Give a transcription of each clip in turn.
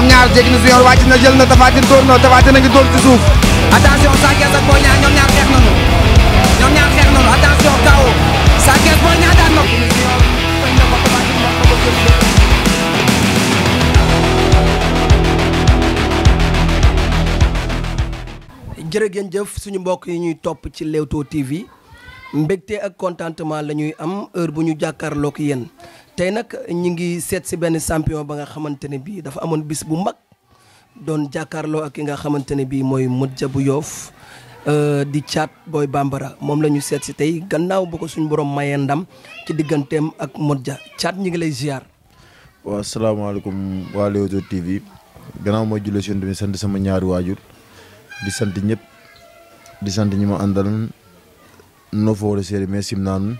ñoom jërëgeen jëf suñu mbokk yi ñuy topp ci Leewtoo TV mbégte ak contentement lañuy am heure bu ñu jàkkaarloog yéen tey nag ñi ngi seet si benn champion ba nga xamante ne bii dafa amoon bis bu mag doon jàkkaarloo ak ki nga xamante ne bii mooy Modja bu Yoof euh, di caat booy bambara moom la ñu seet si tey gannaaw ba ko suñu borom mayee ndam ci digganteem ak ja caat ñi ngi lay ziar. waaw salaamaaleykum waa Leewtoo TV gannaaw ma jullee si bi sant sama ñaari waajur di sant ñépp di sant ñu ma àndal noo fa war a seede mais sim naanu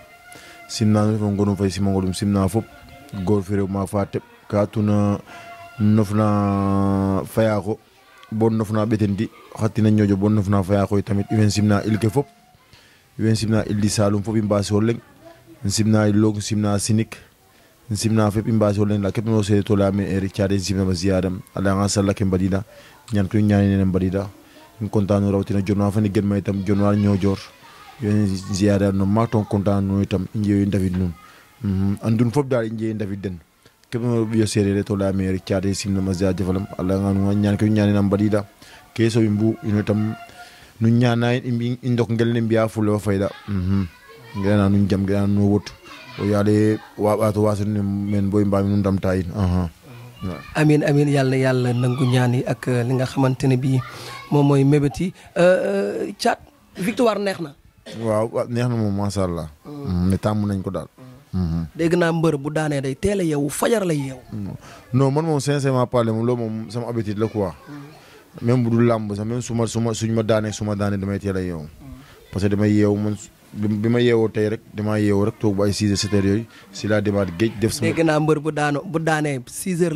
simnano ɗon goɗum fayi simago ɗum simna fof goto feere ma fa teɓ ka tuna nofna fayako bon nofna ɓetendi hattina ñoƴo bon nofna fayakoye tamit iwen simna ilke fop iwen simna ildi salum fop i mbasi o leng simna log simna sinik simna fep i mbasi leng la keɓ no seede to leya men ere caade simnama ziyadam alayanga salla ke mbaɗiɗa ñan koy ñaninene mbaɗiɗa in contant no rawtina jonwa fani gen ma itam jonwa ñojor yonen ziyada no maton kontan no itam jeeyi david num mhm, andun fof dal jeeyi david den keɓe ɓiyo serere to laami ere caade simnoma ja jafalam allah ganu nu ñana i dok ngel ne mbiya fulla wa mhm, nu jam ngeɗana nu wot nu damta in amin amin yàlla yàlla nangu ñaan ak li nga xamante ne bii moom mooy mébét yi euh, euh, caat victoire neex na waaw neex na moom macha allah. ne mm. tàmm nañ ko daal. Mm. Mm-hmm. dégg naa mbër bu daanee day teel a yeewu fajar la yeewu. no man moom sincèrement parler moom loolu moom sama habitude la quoi. Mm. même bu dul làmb sax même su suñ ma daanee suma daanee damay teel a yeewu. parce que damay yeewu bi ma yeewoo tey rek damaa yeewoo rek toog ba ay 6 heures yooyu si laa demaat géej def sama dégg naa mbër bu daano bu daanee 6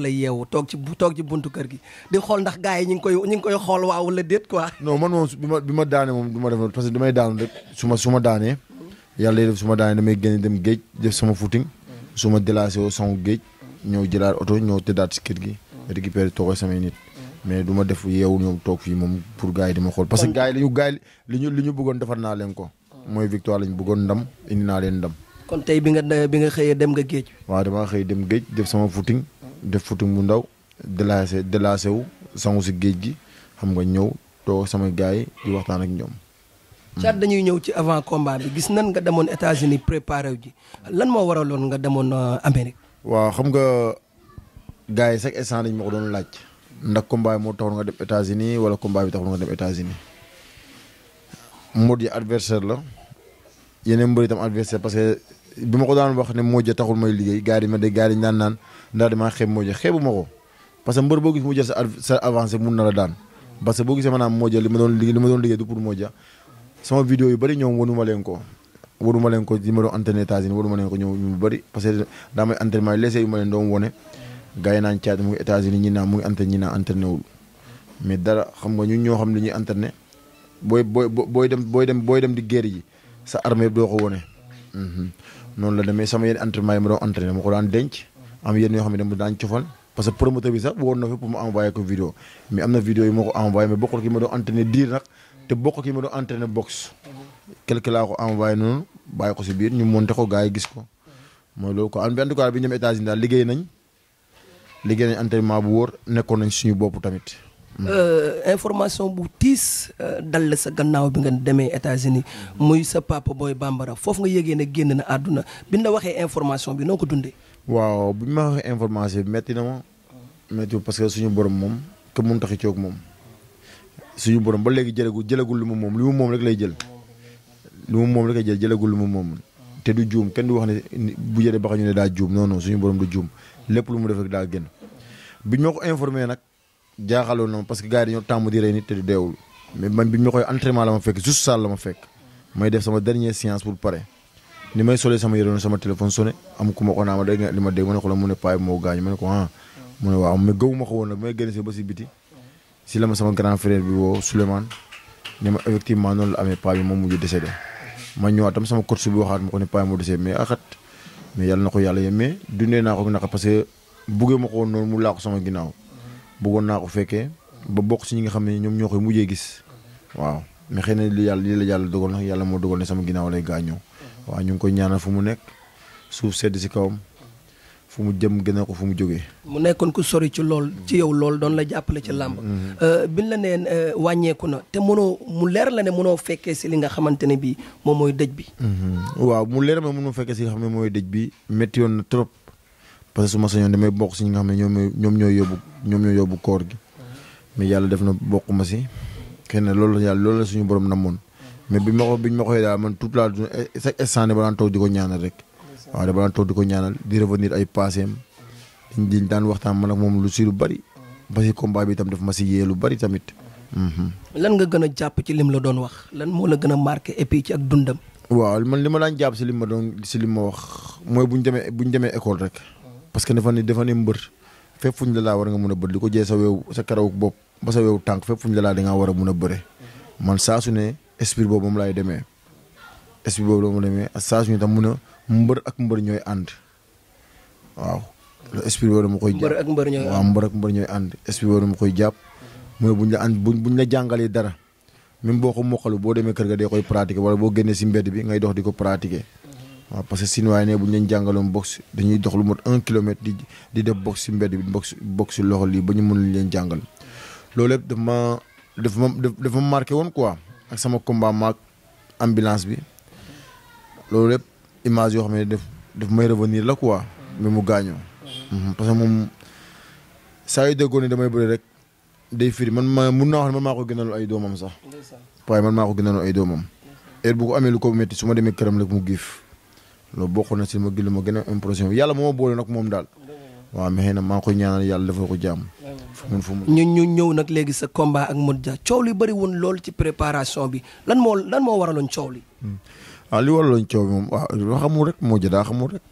toog ci toog buntu kër gi di xool ndax gars yi ñu ngi koy ñu ngi koy xool waaw wala déet quoi non man moom bi ma bi ma daanee moom du ma def parce ma su ma daanee yàlla day def su ma daanee damay dem géej def sama footing su ma délassé woo sangu géej ñëw jëlaat oto ñëw tëddaat si kër gi récupéré toogee samay nit mais du ma def yeewu ñoom toog fii moom pour gars yi xool parce que gars yi li ñu bëggoon defar naa leen ko mooy victoire lañ bëggoon ndam indi naa leen ndam. kon tey bi nga bi nga xëyee dem nga géej. waaw damaa xëy dem géej def sama footing. def footing bu ndaw. délassé délassé wu sangu si géej gi xam nga ñëw toog sama gars yi di waxtaan ak ñoom. Hmm. Caat dañuy ñëw ci avant combat bi gis nan nga demoon États-Unis préparé wu ji lan moo waraloon nga demoon euh, Amérique. waa xam nga gars yi chaque instant dañ ma ko doon laaj. ndax combat bi moo taxoon nga dem États-Unis wala combat bi taxoon nga Modou adversaire la yeneen mbër itam adversaire parce que bi ma ko daan wax ne Modou taxul may liggéey gars yi ma de gars naan naan ndax damaa xeeb Modou xeebu ma ko parce que mbër boo gis mu jël sa sa avancé mun na la daan parce que boo gisee maanaam Modou li ma doon pour Modou sama vidéo yu bëri ñoom wanuma leen ko waruma leen ko li ma doon entraîné États-Unis waruma leen ko ñëw ñu bëri parce que daa may entraînement yi léeg-léeg yu ma leen doon wone mu ngi États-Unis ñi naan dara xam nga ñun ñoo xam li ñuy entraîné booy booy booy dem booy dem booy dem di guerre ji sa armée doo ko wone mhm. noonu la demee sama yenn entraînement yi ma doon entraîné ma ko daan denc am yenn yoo xam ne dama daan cofal parce que promoteur bi sax woon na fi pour mu envoyé ko vidéo mais am na vidéo yi ma ko envoyé mais bokkul ki ma doon entraîné diir nag te bokkul ki ma doon entraîné boxe quelque laa ko envoyé noonu bàyyi ko si biir ñu monté ko gars yi gis ko mooy loolu quoi en tout cas bi ñu dem États-Unis daal liggéey nañ liggéey nañ entraînement bu wóor nekkoon nañ suñu bopp tamit Euh, information bu tiis euh, dal la sa gannaaw bi nga demee États-Unis muy sa papa booy bambara foofu nga yëgee ne génn na àdduna bi la waxee information bi noo ko dundee. waaw bi ma waxee information bi na ma. métti parce que suñu borom moom ke mun taxi coog moom suñu borom ba léegi jëlagul jëlagul lu mu moom lu moom rek lay jël. lu mu moom rek lay jël jëlagul lu mu moom. te du juum kenn du wax ne bu jëlee ba ñu ne daa juum non non suñu borom du juum lépp lu mu def rek daa génn bi ñu ma ko informé nag. jaaxaloon na ma parce que gars yi dañoo tàmm di rey nit te di deewul mais man bi ñu ma koy fekk juste salle fekk may def sama dernière séance pour pare ni may solee sama yére sama téléphone sonné am ku ma ko naa ma dégg nga li ma dégg ma ne ko la mu ne paa bi moo gaañ ma ah. mu ne waaw mais gëw ma ko woon nag may biti si la sama grand frère bi woo Souleymane ne ma effectivement noonu la amee ko mais axat mais yàlla na ko a yem parce que buggee ma ko woon noonu sama ginnaaw buggoon naa ko fekkee ba bokk si ñi nga xam ne ñoom ñoo koy mujjee gis waaw ma xëy na li yàlla lii la jàll dogal nag yàlla moo dogal ne sama ginnaaw lay gaañoo waaw ñu ngi koy ñaana fu mu nekk suuf sedd si kawam fu mu jëm gën ko fu mu jógee. mu nekkoon ku sori ci lool ci yow lool doon la jàppale ci làmb. Mm-hmm. Euh, biñ la neen euh, wàññeeku na te mënoo mu leer la ne mënoo fekkee si li nga xamante ne bii moom mooy dëj bi. Mm-hmm. waaw mu leer ma mënoo fekkee si li nga xam ne mooy dëj bi métti na trop. parce que su ma sañoon damay bokk si xam ne ñoom ñoom ñooy yóbbu ñoom ñooy yóbbu koor gi mais yàlla def na bokk ma si kenn na loolu la yàlla loolu la suñu borom namoon mais bi ma ko bi man toute la eh, chaque instant ne ba daan ko ñaanal rek waaw da di ko ñaanal di revenir ay passéem di daan waxtaan man moom lu si lu bari ba si combat bi itam daf ma si yee lu bari tamit. Mhm. lan nga gën a jàpp ci lim la doon wax lan moo la gën a marke et ci ak dundam. waaw man li ma daan jàpp si lim ma doon si lim ma wax mooy bu demee bu ñu demee école rek. parce que dafa ne mbër fépp fu ñu la laa war nga mun a bëri li ko jee sa wew sa karaw bopp ba sa wew tànk fépp fu ñu la laa war a mun a bëre man saa ne esprit boobu moom laay demee esprit boobu moom demee saa su ne tam mun a mbër ñooy ànd waaw. esprit koy jàpp ak mbër ñooy ànd waaw mbër ak mbër ñooy ànd koy jàpp. mu ne buñ la ànd buñ la jàngalee dara même boo ko mokkalu boo demee kër ga dee koy pratiquer wala boo génnee si mbedd bi ngay dox di ko pratiquer. waaw parce que Sinoa ne bu ñu leen jàngaloon boxe dañuy dox lu mot un kilomètre di di def boxe si mbedd bi boxe boxe loxo lii ba ñu mënul leen jàngal loolu yëpp dafa ma dafa woon quoi ak sama combat maag ambulance bi loolu yëpp image yoo xam ne daf daf may revenir la quoi. mais mu gaañoo. Mhm, parce que moom saa yu déggoon mun naa wax ne man maa ko gënal ay doomam sax. waaye man maa ko gënal ay doomam. heure bu amee lu ko métti su ma demee këram rek mu giif loolu bokk na si ma gi ma gën a impression yàlla moo boole nag moom daal. waaw mais xëy na maa ngi ñaanal yàlla dafa ko jàmm. fu mu fu mu ñu ñu ñëw nag léegi sa combat ak Modou Dia coow li bëri woon lool ci préparation bi lan moo lan moo waraloon coow li. waaw hmm. ah, li waraloon coow bi moom waaw xamul rek moo jëdaa xamul rek.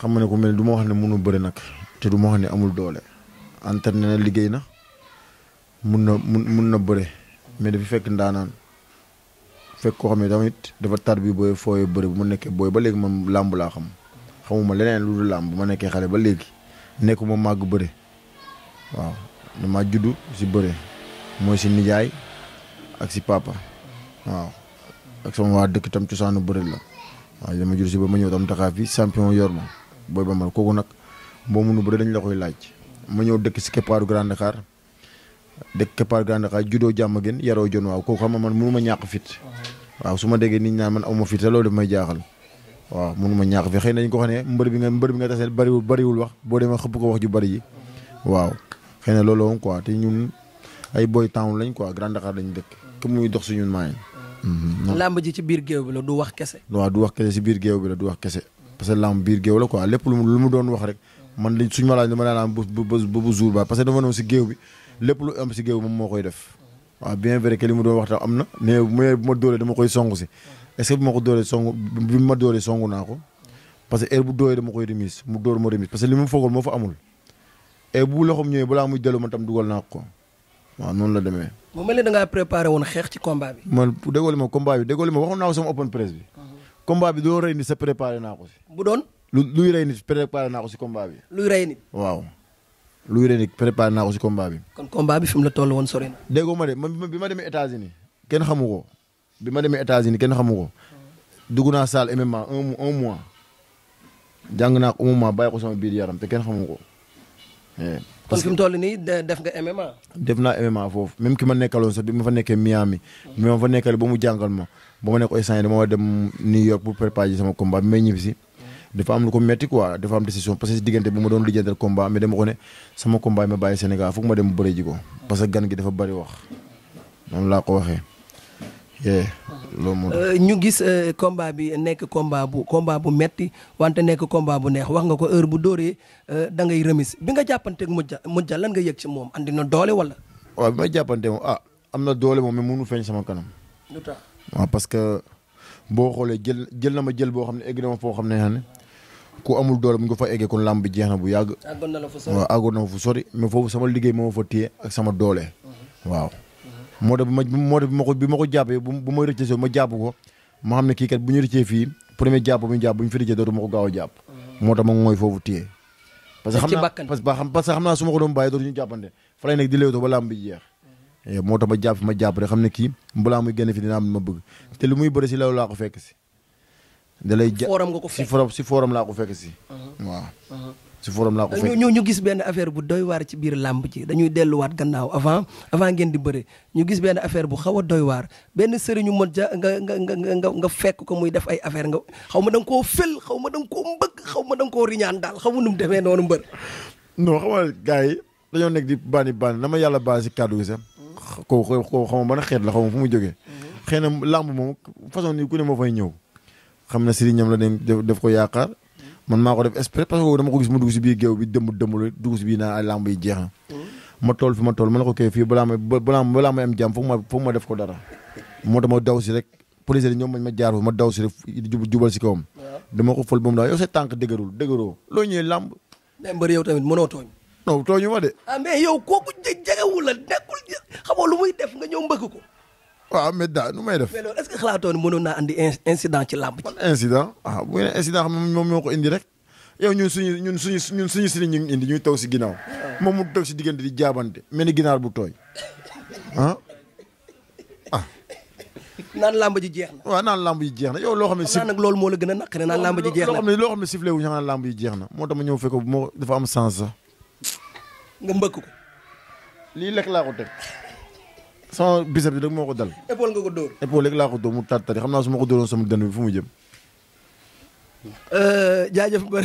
xam nga ne ku mel ne du ma wax ne mënu bëri nag te du ma wax ne amul doole. entraîné na liggéey na mun na mun mun na bëre mais dafa fekk ndaanaan. fekk koo xam ne tamit dafa tar bi booy fooy bëri bu ma nekkee booy ba léegi man làmb laa xam xamuma leneen lu dul làmb bu ma nekkee xale ba léegi ma màgg bëri waaw dama juddu si bëri mooy si nijaay ak si papa waaw ak sama waa dëkk tam cosaanu bëri la waaw dama juddu si ba ma ñëw tam taxaa fi champion yor ma booy bambal kooku nag boo mënu bëri dañ la koy laaj ma ñëw dëkk si keppaaru Grand Dakar dëkk Keppaar Grand Dakar juddoo jàmm gën yaroo jon waaw kooku xam nga man mënuma ñàkk fit waaw su ma déggee nit ñaa man awma fit te loolu daf may jaaxal waaw mënuma ñàkk fit xëy nañ ko xam ne mbër bi nga mbër bi nga tasee bariwul bariwul wax boo demee xëpp ko wax ju bari ji waaw xëy na loolu woon quoi te ñun ay boy town lañ quoi Grand Dakar lañ dëkk ku muy dox suñu maayen mhm. làmb ji ci biir géew bi la du wax kese waaw du wax kese si biir géew bi la du wax kese parce que làmb biir géew la quoi lépp lu mu doon wax rek man suñu ma laaj dama daan bu bu jour ba parce que dafa noonu bi lépp lu am si géew moom moo koy def waaw bien vrai que li mu doon wax am na mais mais bu ma dóoree dama koy song si est ce que bu ko dóoree song bi ma ko parce que heure bu dóoree dama koy remise mu dóor ma remise ko waaw noonu la demee. mu mel ni woon xeex ci combat bi. man déggoo li ma combat bi déggoo li ma waxoon naa ko sama mhm. si. bu doon. luy rey nit préparé naa ko si combat bi. luy rey nit waaw. luy ren préparé naa ko si combat bi. kon combat bi fi mu la toll woon sori na. ma de man bi ma demee états bi ma demee États-Unis kenn xamu ko dugg naa salle MMA un un mois naa ko un mois bàyyi ko sama biir yaram te kenn xamu ko. Eh, kon fi mu toll nii def nga MMA. def naa MMA foofu même ki ma nekkaloon sax bi ma fa nekkee mi bi ma fa nekkale ba mu jàngal ma ba ma nekk ay sànni dama war dem New York pour préparer sama combat bi may ñibbisi. dafa am lu ko metti quoi dafa am décision parce que si diggante bi ma doon lijjantal combat mais dama ko sama combat yi ma bàyyi Sénégal foog ma dem bëre ji ko parce laa ko waxee. loolu euh, ñu gis euh, combat bi nekk combat bu combat bu metti wante nekk combat bu neex wax nga ko heure bu dóoree euh, da ngay remise bi nga jàppanteeg mujja mujja lan nga yëg ci moom andi na doole wala. waaw bi moom ah am na doole moom mais mënu feeñ sama kanam. lu tax parce que boo xoolee jël jël na ma jël boo xam ne egg na ma foo xam ne ku amul doole bu ñu ko fa eggee kon làmb bi jeex na bu yàgg. àggoon na la fu sori waaw àggoon na la fu sori mais foofu sama liggéey moo fa téye ak sama doole. Mhm. waaw. Mhm. moo tax bi ma moo tax bi ma ko bi ma ko jàppee bu bu ma rëccee ma jàpp ko ma xam ne kii kat bu ñu rëccee fii premier jàpp bu ñu jàpp dootu ma ko gaaw jàpp. Mhm. moo tax ma mooy foofu téye. parce que xam naa parce que xam naa su ma ko dootu ñu jàppante fa lay nekk di léewtoo ba làmb bi jeex. Eh, moo tax ma jàpp ma jàpp rek xam ne kii balaa muy génn ma bëgg te lu muy bëri si loolu si da lay ja forum ko fekk si forum laa ko fekk si. Uh-huh. waaw. Uh-huh. si forum laa ko fekk ñu gis benn affaire bu doy waar ci biir làmb ji dañuy delluwaat gannaaw avant avant ngeen di bëre ñu gis benn affaire bu xaw a doy waar benn sëriñu mot ja nga nga nga nga fekk ko muy def ay affaire nga xaw ma da nga koo fël xaw ma da ko xaw ma da koo riñaan daal xaw ma num mu demee noonu mbër. noo xamal gars yi dañoo nekk di bànni bànni na ma yàlla baal si kàddu gi sax. ko uh-huh. ko xaw ma ban xeet la xaw ma fu mu jógee. xëy na làmb moom façon ni ku ne moo fay ñëw xam na ñoom la ne def ko yaakaar man maa ko def exprès parce que dama ko gis mu dugg si biir géew bi dëmb dëmbul dugg si biir naa ay làmb yi jeex na mm. ma tool fi ma tool ma ne ko kay fii balaa ma balaa balaa may am jàmm ma foog def ko dara moo tax ma daw si rek police de ñoom mañ ma jaar foofu ma daw si rek jubal si kawam dama ko fël ba mu daal yow sa tànk dëgërul dëgëroo loo ñëwee làmb mais mbër yow tamit mënoo tooñ non tooñu ma de ah mais yow kooku jegewul la nekkul xamoo lu muy def nga ñëw mbëgg ko waaw mais daa nu may def. mais loolu est ce que xalaatoon mënoon naa andi incident ci làmb. ban incident ah bu ngeen incident xam moom moo ko indi rek yow ñun suñu ñun suñu ñun suñu sëriñ ñu ngi indi ñuy taw si ginnaaw. moom mu toog si diggante di jaabante mel ni ginaar bu tooy ah. naan làmb ji jeex na. waaw naan làmb ji jeex na yow loo xam ne. sif nag loolu moo la gën a naq ne naan làmb ji jeex na loo xam ne loo xam ne sifle wu ñu naan làmb ji jeex na moo tax ma ñëw fekk moo dafa am sens sax. nga mbëkk ko. lii lekk laa ko teg. sama bisab bi rek moo ko dal. épaule nga ko dóor. épaule laa ko dóor mu tat tari xam naa su ma ko dóoroon sama dënn bi fu mu jëm. Euh, jaajëf mbër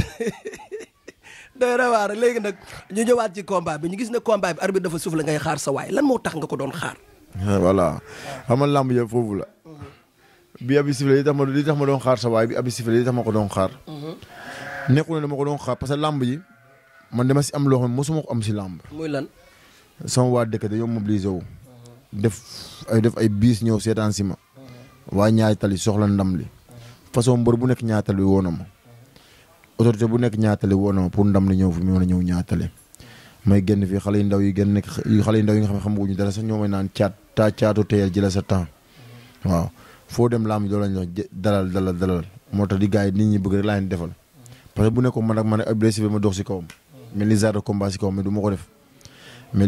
doy na waar léegi nag ñu ñëwaat ji combat bi ñu gis ne combat bi arbitre dafa suuf la ngay xaar sawaay lan moo tax nga ko doon xaar. voilà xam nga làmb yëpp la. Mhm. bi abi sifle ma li tax ma doon xaar sa waay bi abi sifle li ko doon xaar. Mhm. nekkul ne dama ko doon xaar parce que làmb yi man dama si am loo xam ne mosuma ko am si làmb. muy lan. sama waa dëkk dañoo mobilisé wu. def ay def ay biis ñëw seetaan si ma waa ñaari tali soxla ndam li façon mbër bu nekk ñaari tali woo na ma autorité bu nekk ñaari tali woo pour ndam li ñëw fi mu ñëw ñaari tali may génn fii xale yu ndaw yi génn nekk xale yu ndaw yi nga xam ne xamaguñu dara sax ñoo may naan caat ta caatu teyal jëla sa foo dem laam loolu lañ wax dalal dalal dalal moo tax di gars yi nit ñi bëgg rek laa leen defal parce que man ak man ak blessé bi ma dox si de ma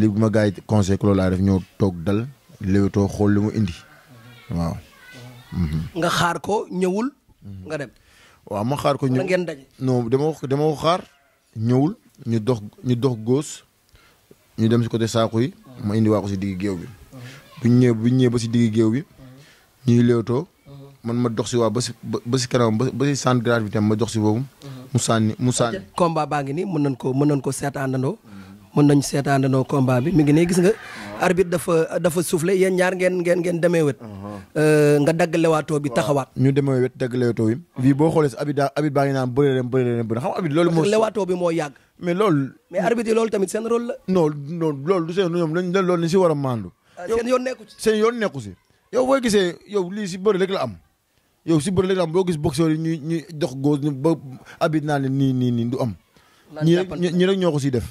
ko ma gars yi conseil ko loolu laa def ñëw toog dal léwtoo xool li mu indi waaw. Mhm. nga xaar ko ñëwul. nga dem. waaw ma xaar ko ñëw ngeen daje. non dama ko xaar ñëwul ñu dox ñu dox góos ñu dem si côté saako yi. ma indi waa ko si digg géew bi. bu ñu ñëwee bu ñu ñëwee ñuy léwtoo. man ma dox si waa ba si ba si kanam ba ba si centre grade bi tam ma dox si boobu. mu sànni mu sànni. combat baa ngi nii mën nañ ko mën na ko seetaanandoo. mën nañ seetaan seetaanandoo combat bi mi ngi ne gis nga. Ah. arbitre dafa dafa soufflé yéen ñaar ngeen ngeen ngeen demee wet. Uh-huh. Euh, nga dagg lewaatoo bi taxawaat. ñu demee wet dagg lewaatoo yi. Uh-huh. bii boo xoolee si arbitre daa arbitre baa ngi naan bëri leen bëri leen bëri xam arbitre loolu. moo lewaatoo bi moo yàgg. mais loolu. mais arbitre loolu tamit seen rôle la. non non loolu du seen ñoom dañ si war a maandu. Ah, seen yoon nekku si seen yoon si. yow boo gisee yow lii si bëri rek am. yow si bëri rek la am boo gis boxeur yi ñuy ñuy dox góos ñu ba arbitre naa ne nii nii nii du am ñi rek ñoo ko siy def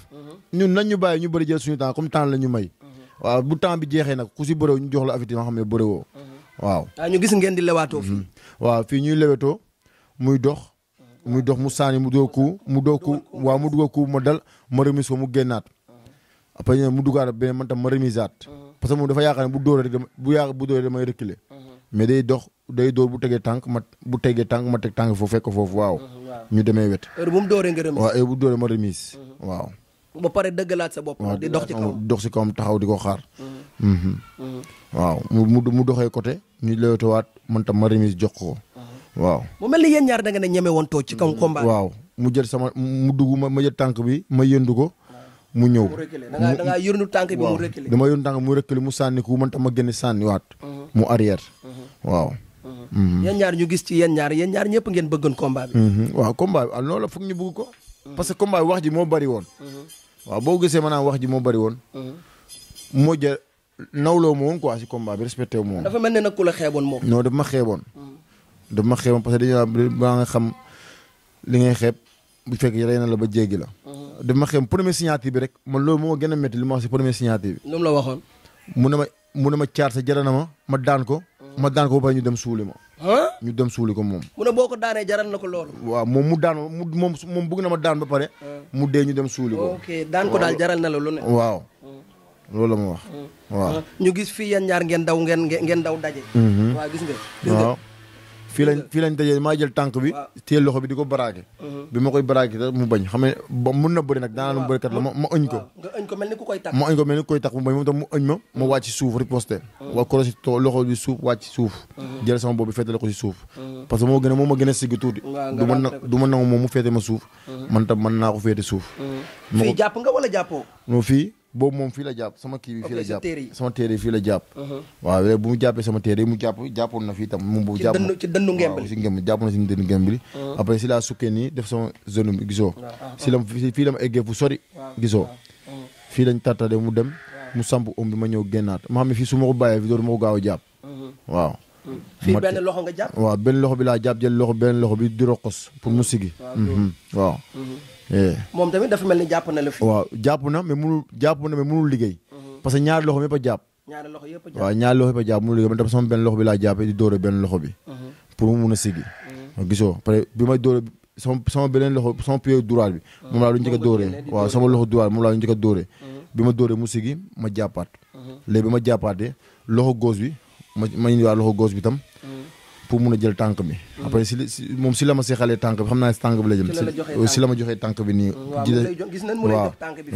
mhm. nañ ñu bàyyi ñu bëri jël suñu temps comme temps la ñu may mhm. waaw bu temps bi jeexee nag ku si bëréw ñu jox la affiti nga xam ne bëréwoo mhm. waaw ah, ñu gis ngeen di lewaatoo fii waaw fii ñuy lewetoo muy dox muy dox mu saani mu dugg ku mu dugg ku waaw mu dugg ku ma dal ma remise ko mu génnaat après mu duggaat beneen man tam ma remisaat parce que moom dafa yaakaar ne bu dóor bu yaakaar bu dóor damay reculer mais day dox day dóor bu tegee tànk ma bu tegee tànk ma teg tànk foofu fekk foofu uh-huh, waaw. ñu demee wet. heure bu dooree nga remise waaw heure bu dooree ma remise. Uh-huh. waaw. sa bopp. di dox ci kawam dox ci kawam taxaw di ko xaar. Uh-huh. Mm-hmm. waaw mu mu doxee côté ñu lewtewaat man tam ma remise jox ko. waaw mu mel ni da nga ne woon toog ci kaw combat waaw mu jël sama mu dugg ma ma jël tànk bi ma yëndu ko. mu ñëw da ngaa da ngaa tànk bi mu reculer. dama yërnu tànk mu mu sànni ko man tam ma sànni waat mu arrière. waaw. Mm-hmm. yéen ñaar ñu gis ci yéen ñaar yéen ñaar ñëpp ngeen bëggoon combat bi. Mm-hmm. waaw combat bi loolu la foog ñu bëgg ko. Mm-hmm. parce que combat bi wax ji moo bari woon. waaw boo gisee maanaam wax ji moo bari woon. moo jël nawloo ma woon quoi si combat bi respecté wu ma mel ne nag ku la xeeboon moom. non daf ma xeeboon. daf ma xeeboon parce ba nga xam li ngay xeeb bu fekkee rey na la ba jéggi la. daf ma xeeb bi rek man loolu moo gën a métti li ma wax si premier signature bi. nu mu la waxoon. mu ne ma mu ma caar sa jarana ma ma daan ko. ma daan ko ba ñu dem suuli ma. ñu dem suuli ko moom. mu ne boo ko daanee jaral na ko loolu. waaw moom mu daan mu moom moom bëgg na ma daan ba pare. mu dee ñu dem suuli ko. ok daan ko daal jaral na la lu ne. waaw loolu la ma wax. waaw ñu gis fii yan ñaar ngeen daw ngeen ngeen daw daje. Mhm. waaw gis nga. waaw fii lañ fii lañ dajee maa jël tànk bi téye loxo bi di ko baraake uh-huh. bi ma koy baraake mu bañ mun na bëri nag daanaka mu bëri kat la ma ëñ ko nga ëñ ko ma ëñ ko ma ma uh-huh. suuf riposté uh-huh. waa korosi loxo bi suuf wàcc suuf jël sama bopp bi féetale ko suuf parce que moo a ma gën a tuuti du ma na du mu féete ma suuf man naa ko féete suuf fii jàpp boobu moom fii la jàpp sama kii bi fii la jàpp sama téere fii la jàpp uh-huh. waaw léegi bu mu sama téere mu jàpp jàppoon na si ngemb jàpp na si ngemb uh-huh. après si laa sukkee nii def sama zone gisoo ah, si la ah. fii eggee fu sori gisoo uh-huh. fii lañ tartade mu dem mu samp om ma ñëw génnaat ma xam ne fii su ma ko bàyyee fi dootu ma ko gaaw a jàpp waaw mm-hmm. fii benn loxo nga jàpp bi laa jàpp jël loxo benn loxo bi di roqos pour mu sigi waaw Eh. moom tamit dafa mel ni jàpp na la fi. waaw jàpp na mais mënul jàpp na mais mënul liggéey. Mhm. parce que ñaari loxo yëpp a jàpp. ñaari loxo yëpp a jàpp waaw ñaari loxo yëpp a jàpp mënul liggéey man tam sama benn loxo bi laa jàppee di dóore benn loxo bi. Mhm. pour mu mun a siggi. Mhm. gisoo pare bi may dóore sama sama beneen loxo a dóoree waaw sama loxo droit a dóoree. bi ma dóoree mu siggi ma jàppaat. léegi bi ma jàppaatee loxo gauche bi ma ma indiwaat loxo gauche bi tam pour mun a jël tànk bi. Hmm. après si si moom si la ma seexalee tànk bi xam naa si tànk bi la jëm. si la ma joxee tànk bi nii. Hmm, waaw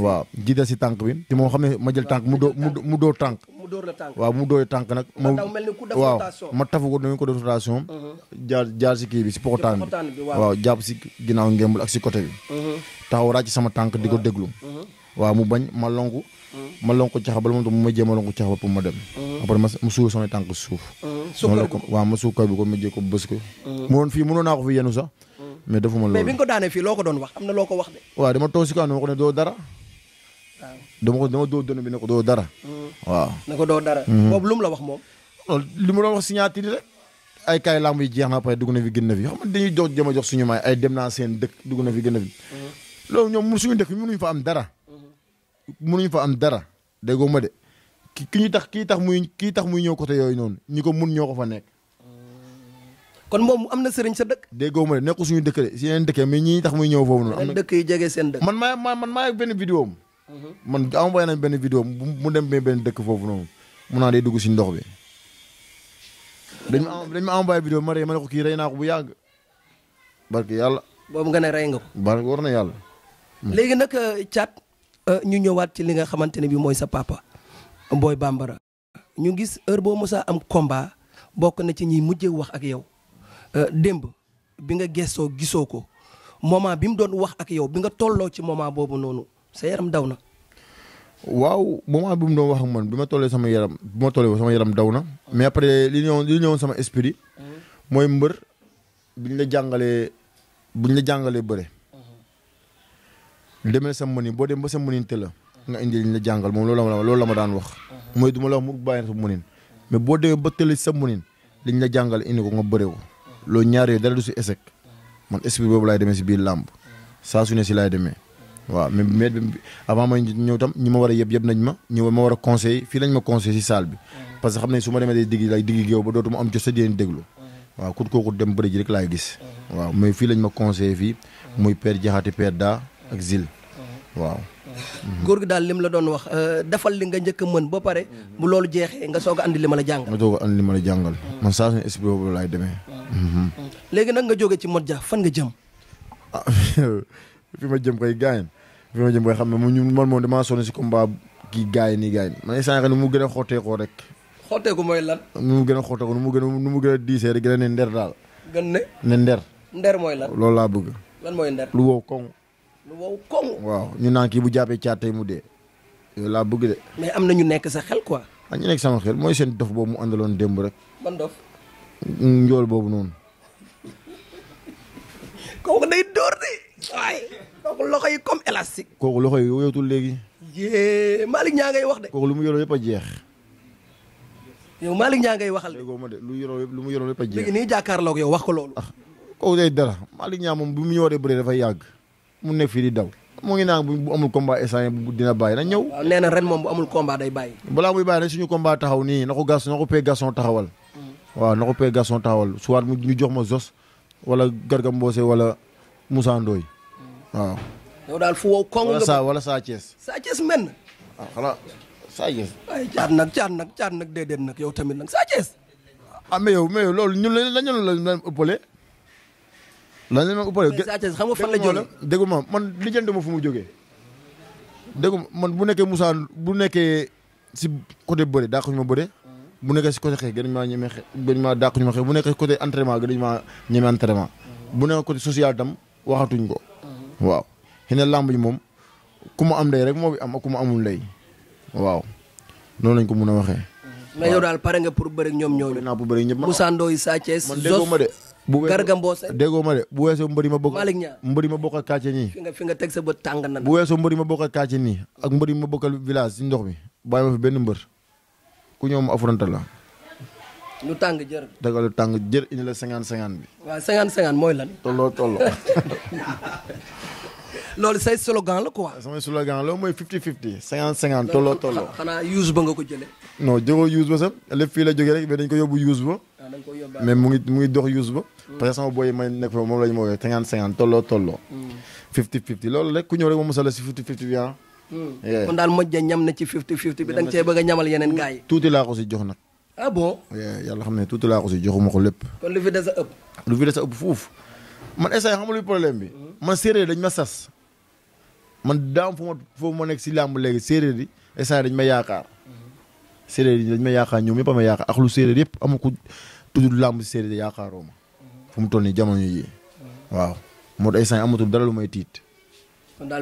waaw si tànk bi. moom xam ne ma jël tànk mu doo mu doo tànk. mu door tànk waaw mu dooy tànk nag. ma waaw ma tafu ko dama ko def rotation. Hmm. jaar jaar si kii bi si pokotaan bi. waaw jàpp si ginnaaw ngembul ak si côté bi. taxaw ràcc sama tànk di ko déglu. waaw mu bañ ma lonku. ma lonku cax ba moom ma jéem a lonku cax ba pour ma dem. Mm-hmm. après ma ma suul samay suuf. Mm-hmm. suukar ma suukar bi ko ma jéem ko bës mm-hmm. mu woon fi yenu sax. loo doon wax na loo ko wax de. waaw dama toog si kaw ma ko doo doo dënn bi ne ko doo dara. waaw na ko doo dara. boobu lu mu la wax moom. li mu doon wax signature rek. ay kaay lamb yi jeex na après dugg na fi gën na fi xam nga dañuy a jox suñu maay ay dem naa seen dëkk dugg na fi gën na fi. loolu ñoom suñu dëkk mënuñu fa am dara mënuñu fa am dara déggoo ma de ki ki ñu tax kii tax muy kii tax muy ñëw côté yooyu noonu ñu ko mun ñoo ko fa nekk. Mm. kon moom am na sëriñ sa dëkk. déggoo ma de nekkul suñu dëkk de si yeneen dëkk mais tax muy ñëw foofu noonu. am na dëkk yi jege seen dëkk. man maa man maa yegg benn vidéo am. Mm-hmm. man envoyé nañ benn vidéo mu dem benn dëkk foofu noonu mun naa day dugg si ndox bi. dañ ma dañ ma envoyé ma rey ma ne ko kii rey naa ko bu yàgg. barke yàlla. boobu nga ne rey nga ko. barke war na yàlla. léegi nag euh, Thiat. Euh, ñu ñëwaat ci li nga xamante ne bi mooy sa papa booy bàmbara ñu gis heure boo mosaa am komba bokk na ci ñiy mujjee wax ak yow euh, démb bi nga gestoo gisoo ko moment bi mu doon wax ak yow bi nga tolloo ci moment boobu noonu sa yaram daw na waaw moment bi mu doon wax ak man bi ma tollee sama yaram bi ma tollee sama yaram daw na mais après li ñëwoon li ñëwoon sama esprit mm. mooy mbër bi ñu la jàngalee bu ñu la jàngalee bare demee sa mënin boo dem ba sa mëninte la nga indi liñ la jàngal moom loolu la loolu la ma daan wax mooy du ma la wax mu bàyyi sa mënin mais boo demee ba tële sa mënin liñ la jàngal indi ko nga bëre ko loolu ñaar yooyu dara du si échec man esprit boobu laay demee si biir làmb saa su ne si laay demee waaw mais mais avant may ñëw tam ñi ma war a yëpp yëpp nañ ma ñu ma war a conseil fii lañ ma conseil si salle bi parce que xam ne su ma demee day digg lay digg géew ba dootuma am jot sa di leen déglu waaw kut kooku dem bëri ji rek laay gis waaw mais fii lañ ma conseillé fii muy père jaxaati père daa ak zil waaw mhm. góor gi daal lim la doon wax euh, defal li nga njëkk a mën ba pare bu loolu jeexee nga soog a andi li ma la jàngal nga soog a li ma la jàngal man saa suñu esprit boobu laay demee mhm. léegi nag nga jóge fan nga jëm ah fi ma jëm koy gaañ fi ma xam ne mu ñu man moom si combat kii gaañ nii gaañ man instant ni gën a xotteekoo rek xotteeku mooy lan mu gën a xotteeku nu mu gën a nu mu gën a diisee rek gën a ne nder daal gën loolu laa bëgg lu wow koŋ lu wow koŋ. waaw ñu naan kii bu jàppee caat tey mu dee. yow laa bëgg de. mais am na ñu nekk sa xel quoi. ah ñu nekk sama xel mooy seen dof boobu mu àndaloon démb rek. man dof. njool boobu noonu. kooku day dóor de waaye. kooku loxo yi comme élastique. kooku loxo yi woyotul léegi. yee Malick ñaa ngay wax de. kooku lu mu yoroo yëpp a jeex. yow Malick ñaa ngay waxal de. déggoo ma de lu yoroo yëpp lu mu yoroo yëpp a jeex. léegi nii jàkkaarloog yow wax ko loolu. ah kooku day dara Malick ñaa moom bu mu ñëw de bëree dafay yàgg. mun nekk fii di daw mu ngi naan bu amul combat instant dina bàyyi na ñëw. waaw nee na ren moom bu amul combat day bàyyi. balaa muy bàyyi nag suñu combat taxaw nii na ko gas na ko pay Gaston taxawal. Mm. waaw na ko pay Gaston taxawal soit mu ñu jox ma Zos wala Garga Mbossé wala Moussa Ndoye mm. waaw. yow daal fu wow koŋ. wala saa wala saa Thiès. saa Thiès na. Ah, waaw xanaa nag caat nag caat nag déedéet nag yow tamit nag saa Thiès. ah mais yow mais yow loolu ñun la ne ma uppale. xam nga fan la jógee déggu ma man lijjanti ma fu mu jógee. déggu man bu nekkee Moussa bu nekkee si côté bëre dàqu ñu ma bëre. bu nekkee si côté xeex gën maa ñeme xeex gën maa dàqu ñu ma xeex bu nekkee côté entraînement gën maa ñeme entraînement. bu nekkee côté social tam waxatuñ ko. waaw xëy na làmb ji moom ku ma am ndey rek moo bi am ak ku ma amul ndey. waaw noonu lañ ko mën a waxee. mais yow daal pare nga pour bëri ñoom ñooñu. naa pour bëri ñëpp Moussa Ndoye Sa Thiès. man déggoo de bu weesoo Garga Mbossé déggoo ma mbëri ma bokk Malick ma bokk ak kàcce nii. teg sa bët tàng na. bu weesoo mbëri ma bokk ak ak mbëri ma bokkal village si ndox mi bàyyi ma fi benn mbër ku ñëw ma affronté tàng jër. dëgg tàng jër indi la bi. waaw cinquante cinquante mooy lan. tolloo tolloo. loolu say slogan la quoi. samay slogan loolu mooy fifty fifty cinquante cinquante tolloo tolloo. xanaa use ba nga ko jëlee. non jëgoo use ba sax lépp fii la jógee rek mais ko yóbbu use ba. Ah, mais mu ngi mu ngi dox use ba. parce que sama booy may nekk foofu ma woowee mm. si fifty fifty bi ah. Mm. ñam na ci fifty fifty bi da nga cee bëgg a ñamal yeneen gars yi. tuuti laa ko si ah, xam ne tuuti laa ko si joxuma ko lépp. kon lu bi. Mm. man séeréer dañ ma sas. man daam fu ma foofu nekk si làmb léegi séeréer yi essayé dañ ma yaakaar. séeréer yi dañ ma yaakaar ñoom yëpp a ma yaakaar ak lu séeréer yëpp amu toujours làmb si séeréer yaakaaroo ma fu mu toll nii jamono yi mhm. waaw moo ay saa amatul dara lu may tiit.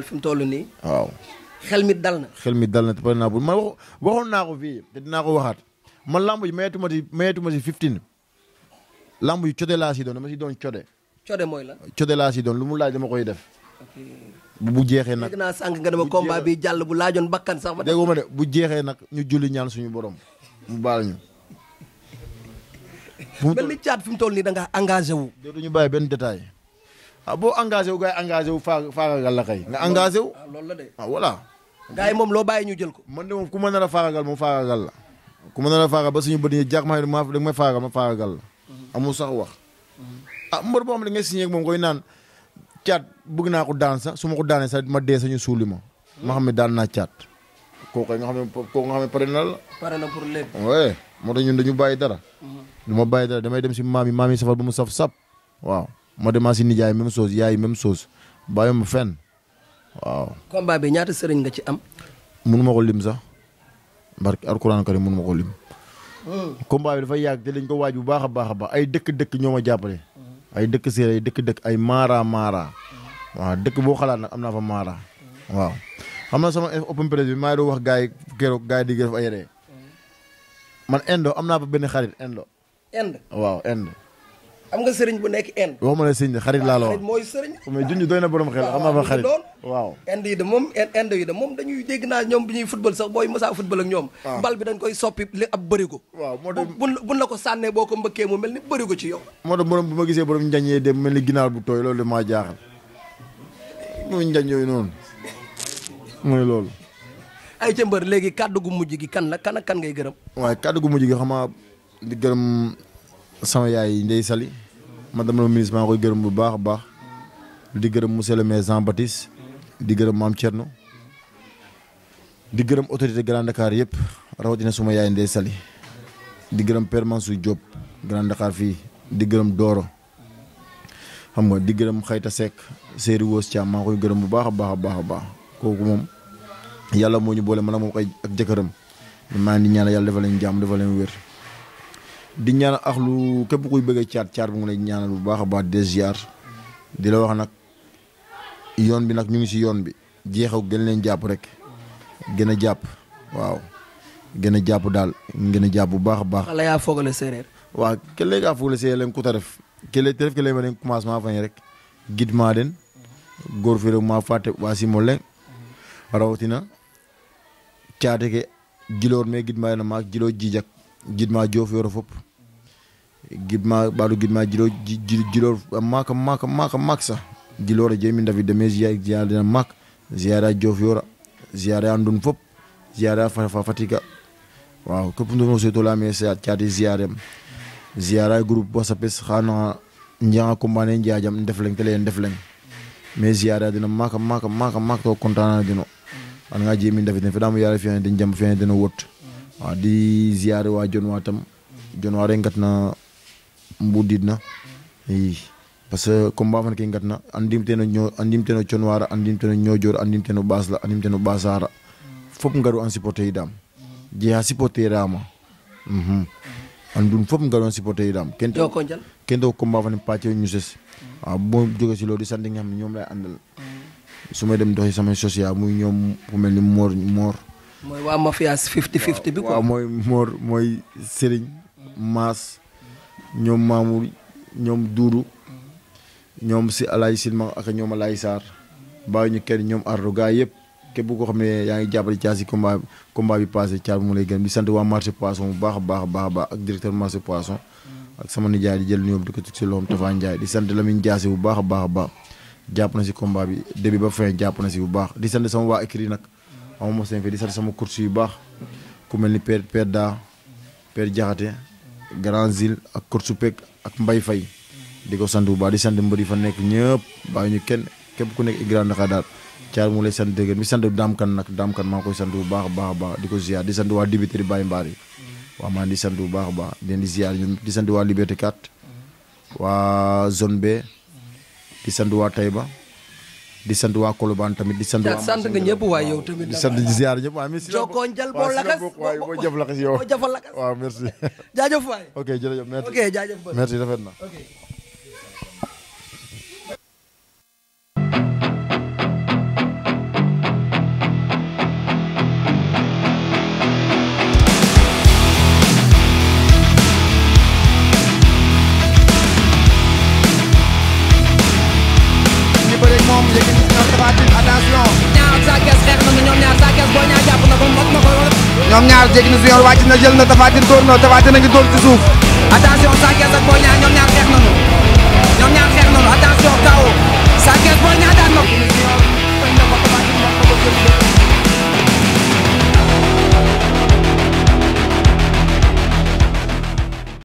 fi mu toll nii. waaw xel mi dal na. xel mi dal na te pare naa man wax waxoon naa ko fii te dinaa ko waxaat man làmb ji ma si mayatuma si 15. làmb yi code laa si doon dama si doon code. code mooy la. code laa lu mu laaj dama koy def. bu jeexee nag dégg naa sànq nga dama combat bi jàll bu laajoon bakkan sax. déggoo ma de bu jeexee nag ñu julli ñaan suñu borom mu baal ñu. mel ni caat fi mu toll nii danga ngaa engagé wu. dootuñu bàyyi benn détail ah boo engagé wu gars yi engagé wu faa faagagal la kay. nga engagé wu ah, loolu la de. ah yi moom loo bàyyi ñu jël ko. man de moom ku ma nar a faagagal moom faagagal la. ku ma nar a faaga ba suñu bët yi jaax ma ma da may faagagal ma faagagal la. Mhm. sax wax. Mhm. a ah, mbër boo xam ne da ngay signé moom koy naan caat bëgg naa ko daan sax su ma ko daanee sax ma dee sañu suuli ma. Mhm. ma xam ne daan naa caat. kooku nga xam ne nga xam ne pare na la. pare na pour léegi. waaye moo dara. du ma bàyyi dara damay dem si maam yi maam yi safal ba mu saf sap waaw ma demaa si nijaay même soos yaay même chose bàyyi ma fenn waaw. combat bi nga ci am. munu ko lim sax barke alquran karim ma ko lim. Hmm. combat dafa yàgg te dañ ko waaj bu baax a baax a baax ay dëkk-dëkk ñoo ma jàppale. Hmm. ay dëkk séeréer ay dëkk-dëkk ay maara maara hmm. waaw dëkk boo xalaat nag am naa fa maara waaw xam na sama open press bi maa ngi doon wax gars keroog gars di def ay ree man indo am naa fa benn xarit indo Inde. waaw Inde. am nga sëriñ bu nekk Inde. boo ma ne sëriñ xarit laa la wax mooy sëriñ. mais junj doy na borom xel xam waaw Inde yi moom Inde yi de moom dañuy dégg naa ñoom bi ñuy football sax booy mësaa football ak ñoom. Ah. bal bi dañ koy soppi li ab bërigo. waaw moo bu ko sànnee boo ko mbëkkee mu mel ni bërigo ci yow. moo tax borom bu ma gisee borom njañ yee dem mel ni ginaar bu tooy loolu de maa jaaxal mooy njañ yooyu noonu mooy loolu. ay ca mbër léegi kàddu gu mujj gi kan la kan ak kan ngay gërëm. waaye kàddu gu mujj gi xamaa di gërëm sama yaay Ndeye Sali madame la ministre maa ngi koy gërëm bu baax a baax di gërëm monsieur le maire Jean Baptiste di gërëm maam Thierno di gërëm autorité Grand Dakar yëpp rawatina suma yaay ndey Sali di gërëm Père Mansour Diop Grand Dakar fii di gërëm dooro xam nga di gërëm Xayta Seck Seydou Wos Thiam maa ngi koy gërëm bu baax a baax a baax a baax kooku moom yàlla moo ñu boole man ak moom ak jëkkëram maa ngi ñaan yàlla defal leen jàmm defal leen wér. di ñaan ak lu képp kuy bëggee caat caat bu mu la ñaanal bu baax a baax des ziar di la wax nag yoon bi nag ñu ngi si yoon bi jeexaw gën leen jàpp rek gën a jàpp waaw gën a jàpp daal gën a jàpp bu baax a baax. xale yaa foogale séeréer. waaw kenn léegi yaa foogale séeréer leen ku ta def kenn ma commencement fañ rek gid maa den góor fi rek maa fàtte waa si mo leen na caate ke jiloor mais gid den maak jiloo jiijak gidma joof yoro fof gidma ɓaɗo gidma jiɗo jiɗor maka maka maka mak sa jilore je min dawi deme ziyadena mak ziyara joof yora ziyara andun fof ziyara fa fatiga waw koppu ndono sotolami caati ziyarem ziyara groupe wasapes xana jaga combane jajam ndefleng tele ndefleng mais ziyara dina maka maka maka maka to contana dino an nga je min dawi den fedamo yara fiyane den jam fiyane waa di ziare waa Jonwar tam Jonwar rek ngat na mbudit na i parce que comme bafan ke ngat na andimteno ño andimteno conwara andimteno ñojoor andimteno ɓasla andimteno ɓasara fop ngaru an supporté yidam jeexa supporté rama mhm. andun fop ngaru an supporté yidam ken ken to comme bafane o ñuses waaw bo joge si loolu di sant nga xam ne ñoom lay àndal mm. su may dem doxi sama social muy ñoom ku mel ni moor moor mooy waa mafias fifty fifty bi quoi waaw mooy Mor mooy Serigne Maas ñoom Mamour ñoom Duudu ñoom si Alaay Silma ak ñoom Alaay Sarr bàyyi ñu kenn ñoom ardo gaa yëpp képp koo xam yaa ngi jàppale caa si combat combat bi passé caa bi mu lay gën di sant waa marché poisson bu baax baax baax a baax ak directeur marché poisson ak sama nijaay di jël nuyoo di ko teg si loxoom Tafa Ndiaye di sant Lamine Diassi bu baax a baax a baax jàpp na si combat bi début ba fin jàpp na si bu baax di sant sama waa écrit nag am ma seen fee di sant sama course yu baax ku mel ni per Père Da Père Diakhaté Grand Zil ak course pek ak mbay fay di ko sant bu baax di sant mbër yi fa nekk ñëpp bàyyi ñu kenn képp ku nekk Grand Dakar daal caar mu lay sant dëgg mi sant daamkan nag daamkan maa ngi koy sant bu baax a baax a baax di ko ziar di sant waa dibité di bàyyi mbaar yi waaw maa di sant bu baax a baax di leen di ziar di sant waa Liberté 4 waa zone B di sant waa Taïba di sant waa Colobane tamit di sant. waa sant nga ñëpp waaye yow tamit. di sant di ziar ñëpp waaw merci. jokkoo njal boo lakas waaw boo jëf lakas yow boo jëf lakas waaw merci. jaajëf waay ok jërëjëf merci merci rafet na. jéggi na si yoon wàcc na jël na Tapha Tine dóor na Tapha Tine a ngi dóor ci suuf attention Sa Thiès ak Boy Niang ñoom ñaar xeex na